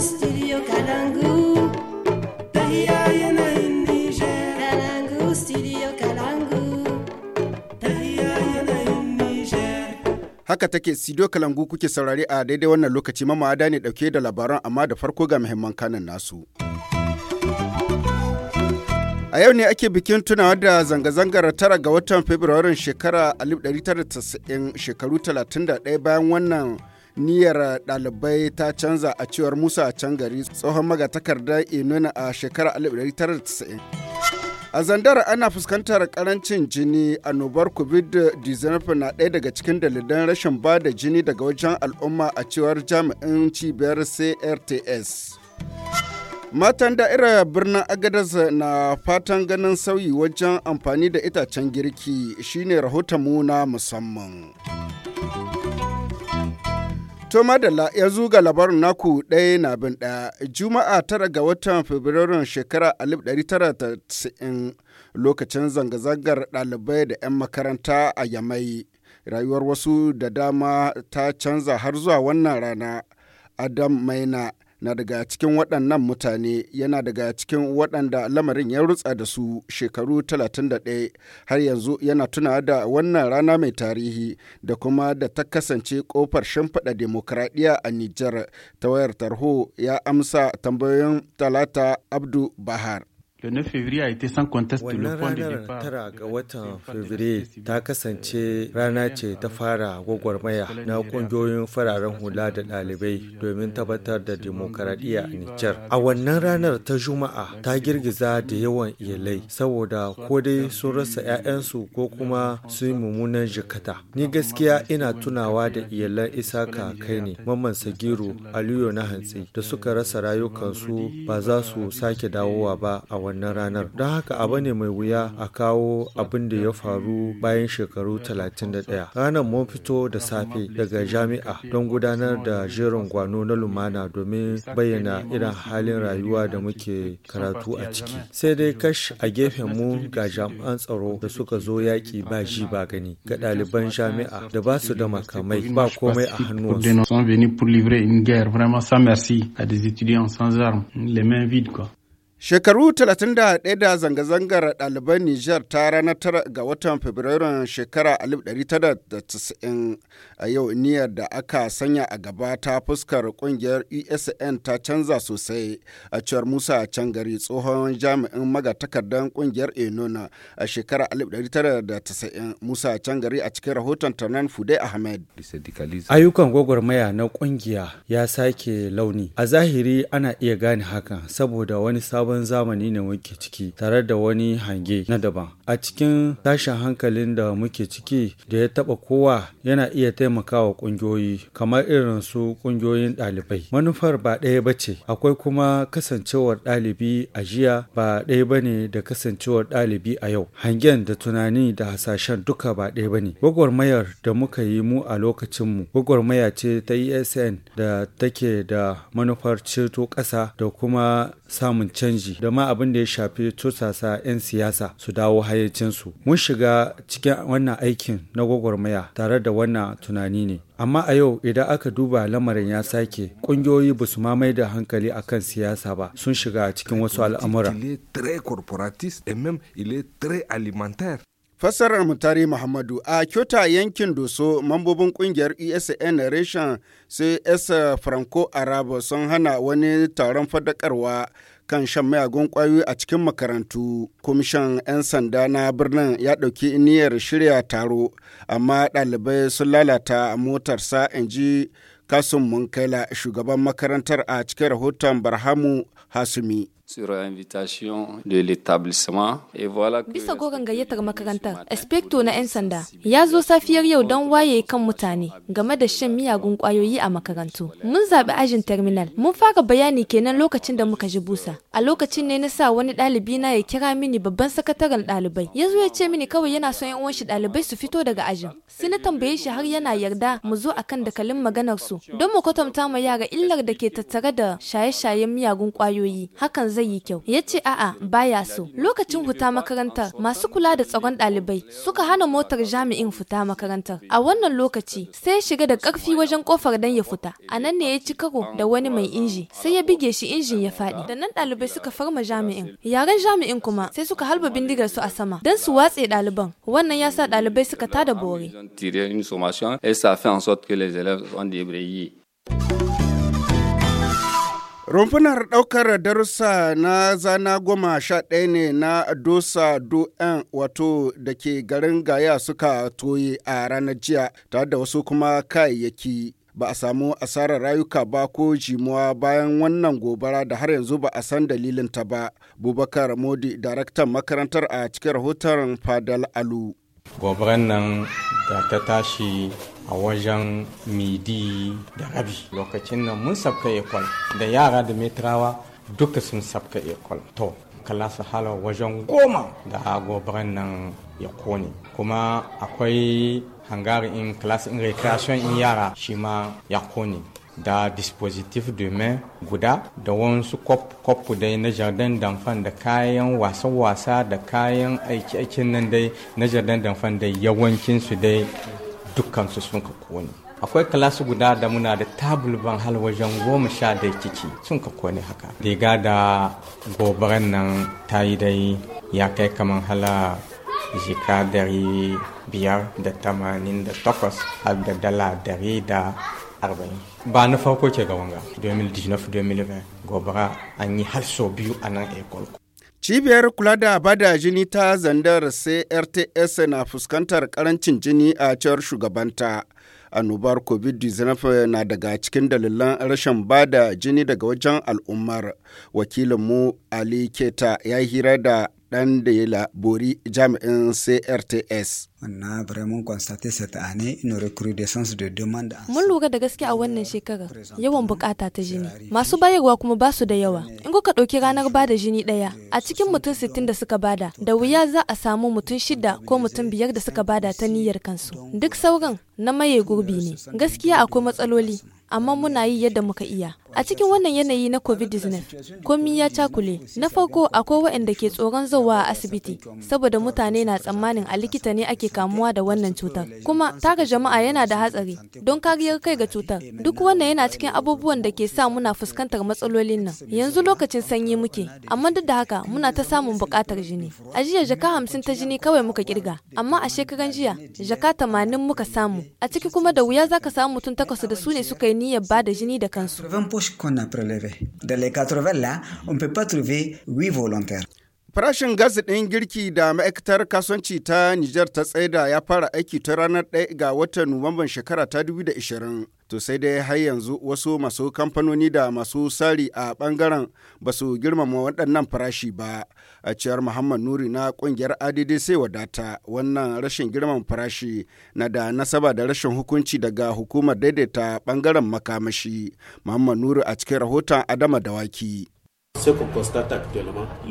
studio studio Haka take studio Kalangu kuke saurare a daidai wannan lokaci mamada ne dauke da labaran amma da farko ga muhimman kanan nasu. A yau ne ake bikin tunawa da zanga-zangar tara ga watan Fabrairun shekara 1990 shekaru 31 bayan wannan niyyar ɗalibai ta canza a cewar musa can gari tsohon magatakarda inuna a shekarar 1990 a zandar ana fuskantar karancin jini annobar covid-19 na ɗaya daga cikin dalilan rashin ba da jini daga wajen al'umma a cewar jami'in cibiyar crts Matan da'ira birnin Agadez na fatan ganin sauyi wajen amfani da itacen girki shine rahoton mu na musamman. To madalla ya ga labarin naku ɗaya na bin ɗaya Juma'a tara ga watan Fabrairun shekara 1990 lokacin zanga-zangar ɗalibai da 'yan makaranta a Yamai. Rayuwar wasu da dama ta canza har zuwa wannan rana. Adam Maina na daga cikin waɗannan mutane yana daga cikin waɗanda lamarin ya rutsa da su shekaru 31 har yanzu yana tuna da wannan rana mai tarihi da kuma da ta kasance kofar shimfiɗa demokradiyya a Nijar ta wayar tarho ya amsa tambayoyin Talata Abdu Bahar. Wannan ranar tara ga watan Fabrairu ta kasance rana ce ta fara gwagwarmaya na kungiyoyin fararen hula da ɗalibai domin tabbatar da demokaradiyya a Nijar. A wannan ranar ta Juma'a ta girgiza da yawan iyalai saboda ko dai sun rasa 'ya'yansu ko kuma sun mummunan jikata. Ni gaskiya ina tunawa da iyalan Isaka kai ne, Mamman Sagiru, Aliyu na hantsi da suka rasa rayukansu ba za su sake dawowa ba a wannan ranar don haka abu ne mai wuya a kawo abin da ya faru bayan shekaru 31 ranar mun fito da safe daga jami'a don gudanar da jerin gwano na lumana domin bayyana irin halin rayuwa da muke karatu a ciki sai dai kash a gefen mu ga jami'an tsaro da suka zo yaƙi ba ji ba gani ga ɗaliban jami'a da ba su da makamai ba komai a hannuwansu. Shekaru 31 da zanga-zangar ɗaliban Nijar ta ranar 9 ga watan Fabrairun shekara 1990 a yau niyyar da aka sanya a gaba ta fuskar ƙungiyar ESN ta canza sosai a cewar Musa Cangari tsohon jami'in magatakardan ƙungiyar Enona a shekara 1990 Musa Cangari a cikin rahoton Tarnan Fude Ahmed. Ayyukan gwagwarmaya na kungiya ya sake launi. A zahiri ana iya gane hakan saboda wani sabon sabon zamani ne muke ciki tare da wani hange na daban a cikin tashin hankalin da muke ciki da ya taba kowa yana iya taimakawa kungiyoyi kamar irin su kungiyoyin ɗalibai manufar ba ɗaya ba ce akwai kuma kasancewar ɗalibi a jiya ba ɗaya ba ne da kasancewar ɗalibi a yau hangen da tunani da hasashen duka ba ɗaya ba ne gwagwarmayar da muka yi mu a lokacinmu gwagwarmaya ce ta esn da take da manufar ceto ƙasa da kuma samun canji ubangiji da ma abin da ya shafi tursasa 'yan siyasa su dawo hayyacinsu mun shiga cikin wannan aikin na gwagwarmaya tare da wannan tunani ne amma a yau idan aka duba lamarin ya sake kungiyoyi ba su mamaye da hankali a kan siyasa ba sun shiga cikin wasu al'amura Fassarar Mutare Muhammadu a Kyota yankin Doso mambobin kungiyar ESN Reshen s Franco Arabo sun hana wani taron fadakarwa kan shan mayagun kwayoyi a cikin makarantu. kwamishan 'yan sanda na birnin ya ɗauki niyyar shirya taro, amma ɗalibai sun lalata motarsa in ji kasun Munkaila shugaban makarantar a cikin rahoton Barhamu Hasumi. sur invitation de bisa ga gayyatar makarantar inspecto na yan sanda ya zo safiyar yau don waye kan mutane game da shan miyagun kwayoyi a makarantu mun zaɓi ajin terminal mun fara bayani kenan lokacin da muka ji busa a lokacin ne na sa wani ɗalibi na ya kira mini babban sakataren ɗalibai ya zo ya ce mini kawai yana son yan uwan shi ɗalibai su fito daga ajin sai na tambaye shi har yana yarda mu zo akan dakalin maganar su don mu kwatanta ma yara illar da ke tattare da shaye-shayen miyagun kwayoyi hakan zai zai yi kyau ya ce a'a baya so lokacin fita makarantar masu kula da tsaron ɗalibai suka hana motar jami'in fita makarantar a wannan lokaci sai ya shiga da ƙarfi wajen kofar dan ya fita a nan ne ya ci karo da wani mai inji sai ya bige shi injin ya faɗi da nan ɗalibai suka farma jami'in yaren jami'in kuma sai suka halba bindigar su a sama don su watse ɗaliban wannan ya sa ɗalibai suka tada bore. Rumfunar ɗaukar darussa na zana goma sha ɗaya ne na Dosa Do'en wato da ke garin Gaya suka toye a ranar jiya tare da wasu kuma kayayyaki. Ba a samu asarar rayuka ba ko jimuwa bayan wannan gobara da har yanzu ba a san dalilinta ba. Bubakar Modi, daraktan makarantar a cikin rahoton Fadal Alu. gobaran nan da ta tashi a wajen midi da rabi lokacin nan mun sabka ekol da yara da metrawa duka sun sabka ekol to kala su hala wajen goma da gobran nan ya kone kuma akwai hangar in class in recreation in yara shi ma ya kone da dispositif domin guda da wasu kop dai na jardin danfan da kayan wasa-wasa da kayan aiki-aikin nan dai na jardin damfan yawancin yawancinsu dai dukansu sun ka kone. akwai kalasu guda da muna da ban hal wajen goma sha da ciki sun ka kone haka riga da gobaran nan ta yi dai ya kai kamar hala jika dari biyar da tamanin da takwas har da dala dari da arba'in ba na farko ke ga wanga 2019-2020 gobara an yi har sau biyu a nan ekol cibiyar kula da bada jini ta zandar crts na fuskantar karancin jini a cewar shugabanta annobar covid-19 na daga cikin dalilan rashin bada jini daga wajen al'ummar wakilinmu ali keta ya hira da dan da ya labori jami'in CRTS. Mun lura da gaske a wannan shekarar yawan bukata ta jini. Masu bayarwa kuma ba su da yawa. In kuka ɗauki ranar bada jini ɗaya, a cikin mutum sittin da suka bada, da wuya za a samu mutum shida ko mutum biyar da suka bada ta niyyar kansu. Duk sauran na maye gurbi ne. Gaskiya akwai matsaloli, amma muna yi yadda muka iya. A cikin wannan yanayi na COVID-19, komi ya cakule. Na farko akwai waɗanda ke tsoron zawa a asibiti, saboda mutane na tsammanin a likita ne ake kamuwa da wannan cutar. Kuma tara jama'a yana da hatsari don kariyar kai ga cutar. Duk wannan yana cikin abubuwan da ke sa muna fuskantar matsalolin nan. Yanzu lokacin sanyi muke, amma duk da haka muna ta samun buƙatar jini. A jiya jaka hamsin ta jini kawai muka kirga, amma a shekaran jiya jaka tamanin muka samu. A ciki kuma da wuya zaka ka samu mutum takwas da su ne suka yi niyyar ba da jini da kansu. qu'on a prélevé Dans les 80 là, on ne peut pas trouver 8 volontaires. Farashin gas ɗin girki da ma'aikatar kasuwanci ta Nijar ta tsaida ya fara aiki ta ranar 1 ga watan Nuwamban shekara ta 2020. To sai dai har yanzu wasu masu kamfanoni da masu sari a bangaren ba su girmama waɗannan farashi ba. A ciyar Muhammad Nuri na ƙungiyar ADD sai wadata wannan rashin girman farashi na da nasaba da rashin hukunci daga hukumar daidaita ɓangaren makamashi. Muhammad Nuri a cikin rahoton Adama Dawaki.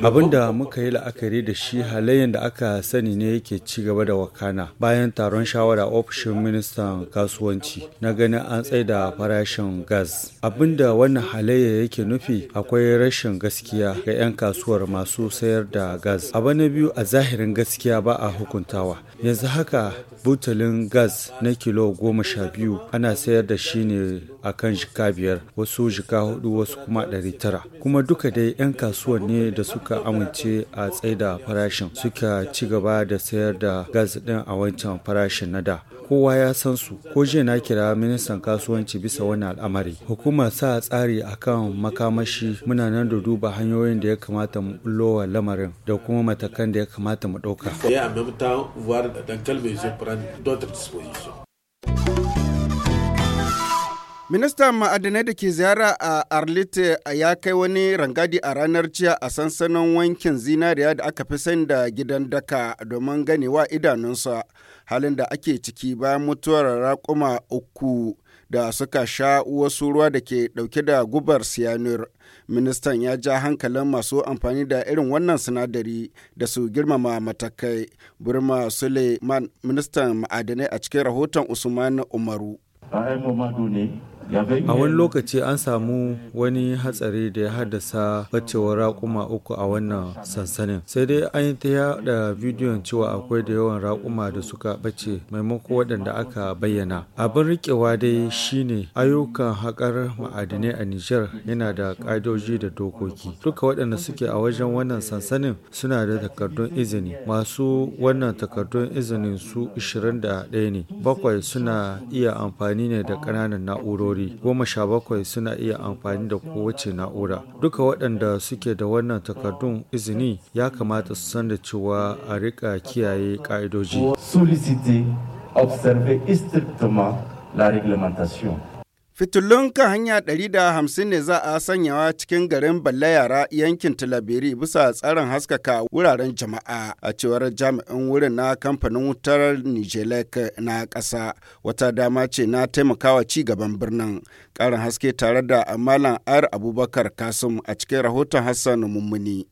Abin da muka yi la'akari da shi halayen da aka sani ne yake ci gaba da wakana bayan taron shawara ofishin ministan kasuwanci na ganin an da farashin gas. Abin da wannan halayya yake nufi akwai rashin gaskiya ga 'yan kasuwar masu sayar da gas. Abu na biyu a zahirin gaskiya ba a hukuntawa. Yanzu haka butulin gas na kilo goma sha biyu ana sayar da shi ne a kan jika biyar wasu jika hudu wasu kuma ɗari tara. Kuma duka duka dai 'yan kasuwar ne da suka amince a tsaida farashin suka ci gaba da sayar da gas ɗin a wancan farashin na da. kowa ya san su ko jiya na kira ministan kasuwanci bisa wani al'amari hukuma sa tsari akan makamashi muna nan da duba hanyoyin da ya kamata mu bullowa lamarin da kuma matakan da ya kamata mu ɗauka Ministan ma'adanai da ke ziyara a Arlite ya kai wani rangadi a ranar jiya a sansanin wankin zinariya da aka fi sani da gidan daka domin ganewa idanunsa halin da ake ciki bayan mutuwar raƙuma uku da suka sha wasu ruwa da ke ɗauke da gubar siyanur. Ministan ya ja hankalin masu amfani da irin wannan sinadari da su girmama matakai. Burma Suleiman ministan ma'adanai a cikin rahoton Usman Umaru. ne. A wani lokaci an samu wani hatsari da ya haddasa bacewar raƙuma uku a wannan sansanin. Sai dai an yi ta yada bidiyon cewa akwai da yawan raƙuma da suka bace maimakon waɗanda aka bayyana. Abin riƙewa dai shine ayyukan haƙar ma'adinai a Nijar yana da ƙa'idoji da dokoki. Duka waɗanda suke a wajen wannan sansanin suna da takardun izini. Masu wannan takardun izinin su 21 ne. Bakwai suna iya amfani ne da ƙananan na'urori. goma sha bakwai suna iya amfani da kowace na'ura duka waɗanda suke da wannan takardun izini ya kamata su san da cewa a rika kiyaye ƙa'idoji la réglementation. Fitulun kan hanya 150 ne za a sanyawa cikin garin yara yankin Talabiri bisa tsarin haskaka wuraren jama'a a cewar jami'in wurin na kamfanin wutar Nijelek na ƙasa wata dama ce na taimakawa ci gaban birnin. Ƙarin haske tare da Malam Ar Abubakar Kasim a cikin rahoton Hassan Mummuni.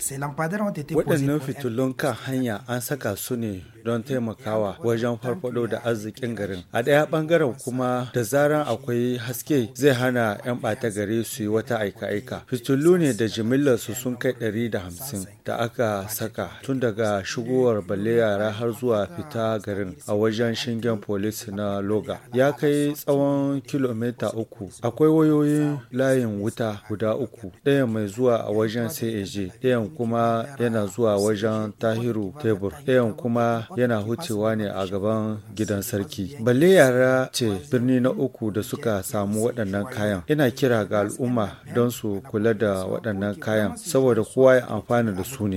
waɗannan fitulun kan hanya an saka su ne don taimakawa wajen farfado da arzikin garin a ɗaya ɓangaren kuma da zaran akwai haske zai hana 'yan ɓata gari su yi wata aika-aika fitulu ne da jimillar su sun kai 150 da aka saka tun daga shigowar balle yara har zuwa fita garin a wajen shingen polis na loga ya kai tsawon kilomita uku akwai wayoyin layin wuta guda uku ɗaya mai zuwa a wajen sai ɗayan kuma yana zuwa wajen tahiru tebur ɗayan kuma yana hucewa ne a gaban gidan sarki balle yara ce birni na uku da suka samu waɗannan kayan ina kira ga al'umma don su kula da waɗannan kayan saboda kowa ya amfana da su ne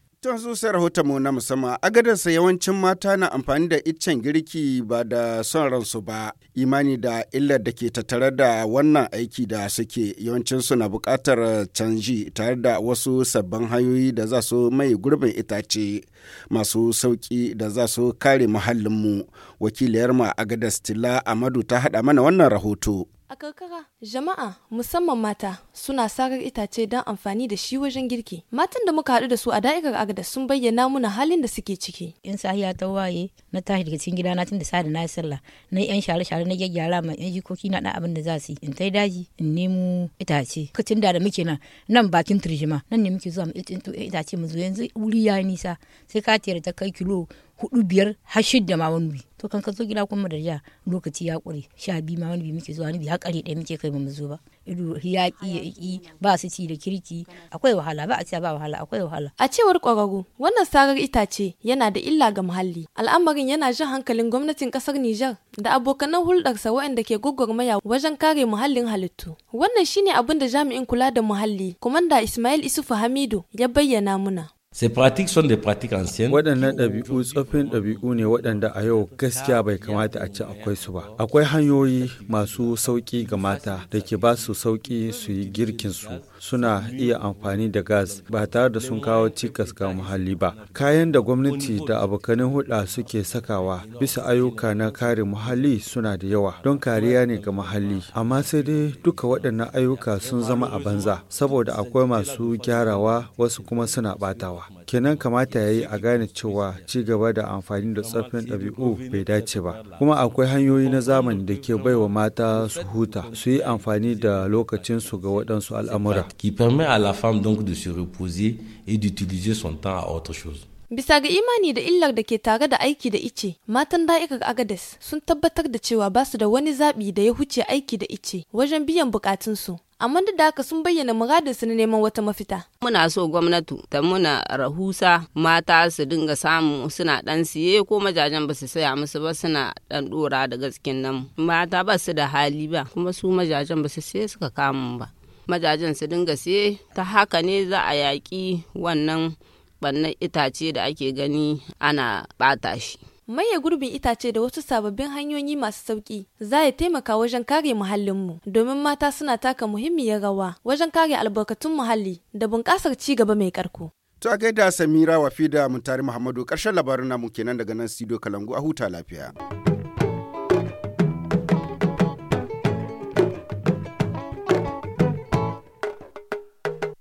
Tun su sai mu na musamman agadarsa yawancin mata na amfani da iccen girki ba da son ransu ba imani da illar da ke tattare da wannan aiki da suke yawancinsu na buƙatar canji tare da wasu sabbin hanyoyi da za su mai gurbin itace masu sauki da za su kare muhallinmu wakiliyar ma agadas stila amadu ta haɗa mana wannan rahoto. A karkara, jama'a musamman mata suna sarar itace don amfani da shi wajen girki. Matan da muka haɗu da su a da'irar agada sun bayyana muna halin da suke ciki. In sahiya ta waye na tashi daga cikin gida na tun da sa da na sallah na yan share share na gyaggyara ma yan jikoki na dan abin da za su yi. In tai daji in nemo itace. Kacin da da muke nan nan bakin turjima nan ne muke zuwa mu itace mu zo yanzu wuri ya nisa sai ka tera ta kai kilo hudu biyar har shidda ma wani bi to kan ka zo gida kuma da ja lokaci ya kure sha biyu ma wani bi muke zuwa ni bi ɗaya muke kai mu zo ba ido ya ki ya ki ba su ci da kirki akwai wahala ba a ci ba wahala akwai wahala a cewar kwararru wannan sarar itace yana da illa ga muhalli al'amarin yana jan hankalin gwamnatin ƙasar Nijar da abokanan hulɗarsa waɗanda ke gwagwarmaya wajen kare muhallin halittu wannan shine abin da jami'in kula da muhalli komanda Ismail Isufu Hamidu ya bayyana muna Waɗannan ɗabi'u tsoffin ɗabi'u ne waɗanda a yau gaskiya bai kamata a ce akwai su ba. Akwai hanyoyi masu sauki ga mata da ke ba su sauƙi su yi su suna iya amfani da gas ba tare da sun kawo cikas ga muhalli ba. Kayan da gwamnati da abokanin hulɗa suke sakawa bisa ayyuka na kare muhalli suna da yawa don kariya ne ga muhalli. Amma sai dai duka waɗannan ayyuka sun zama a banza saboda akwai masu gyarawa wasu kuma suna ɓatawa. yawa kenan kamata ya yi a gane cewa ci gaba da amfani da tsaffin ɗabi'u bai dace ba kuma akwai hanyoyi na zamani da ke baiwa mata su huta su yi amfani da lokacinsu ga waɗansu al'amura Ki permet à la femme donc de se reposer et d'utiliser son temps à autre chose Bisa ga imani da illar da ke tare da aiki da ice, matan da'ikar Agades sun tabbatar da cewa ba su da wani zaɓi da ya huce aiki da ice wajen biyan bukatunsu. Amma duk da haka sun bayyana su na neman wata mafita. Muna so gwamnati ta muna rahusa mata su dinga samu suna ɗan siye ko majajen ba su saya musu ba suna ɗan ɗora da gaskin nan. Mata ba su da hali ba kuma su majajen ba su siye suka kamun ba. Majajen su dinga siye ta haka ne za a yaƙi wannan wannan itace da ake gani ana ɓata shi. maye gurbin itace da wasu sababbin hanyoyi masu sauki za ya taimaka wajen kare muhallinmu domin mata suna taka muhimmiyar rawa wajen kare albarkatun muhalli da bunƙasar ci gaba mai ƙarko. To a gaida Samira Wafi da Muntari Muhammadu ƙarshen labarin namu kenan daga nan Sido Kalangu a huta lafiya.